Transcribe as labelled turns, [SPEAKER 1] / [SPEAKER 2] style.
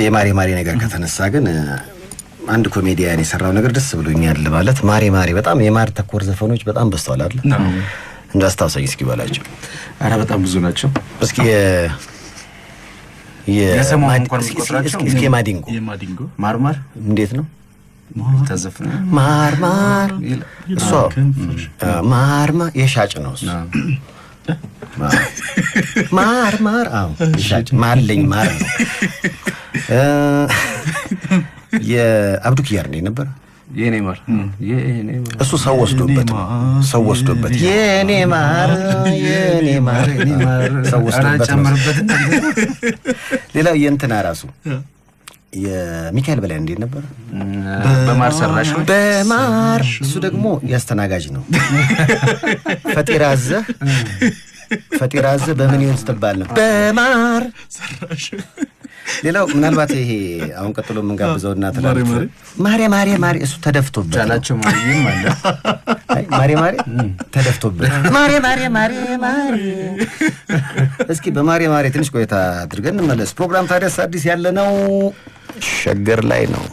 [SPEAKER 1] አንድ የማሬ ማሬ ነገር ከተነሳ ግን አንድ ኮሜዲያን የሰራው ነገር ደስ ብሎኛል ማለት ማሬ ማሬ በጣም የማር ተኮር ዘፈኖች በጣም በዝተዋል አይደል? እንደ እስኪ በላቸው።
[SPEAKER 2] ኧረ በጣም ብዙ ናቸው።
[SPEAKER 1] እስኪ የማዲንጎ ማርማር እንዴት ነው ማርማር? እሷ ማርማር የሻጭ ነው እሱ ማርማር። አዎ የሻጭ ማለኝ ማር ነው የአብዱ ኪያር እንዴት ነበር? የኔማር እሱ ሰው ወስዶበት ሰው ወስዶበት የኔማር የኔማር ሰው ወስዶበት። ሌላው የእንትና ራሱ የሚካኤል በላይ እንዴት ነበር?
[SPEAKER 2] በማር ሰራሽ
[SPEAKER 1] በማር እሱ ደግሞ ያስተናጋጅ ነው። ፈጢራ አዘህ ፈጢራ አዘህ በምን ይሆን ስትባል ነው በማር ሌላው ምናልባት ይሄ አሁን ቀጥሎ የምንጋብዘው እና ትላለች ማሬ ማሬ ማሬ እሱ ተደፍቶበት
[SPEAKER 2] ቻላቸው ማሪም አለ
[SPEAKER 1] ማሬ ማሬ ተደፍቶበት ማሬ ማሬ ማሬ ማሬ። እስኪ በማሬ ማሬ ትንሽ ቆይታ አድርገን እንመለስ። ፕሮግራም ታዲያስ አዲስ ያለ ነው ሸገር ላይ ነው።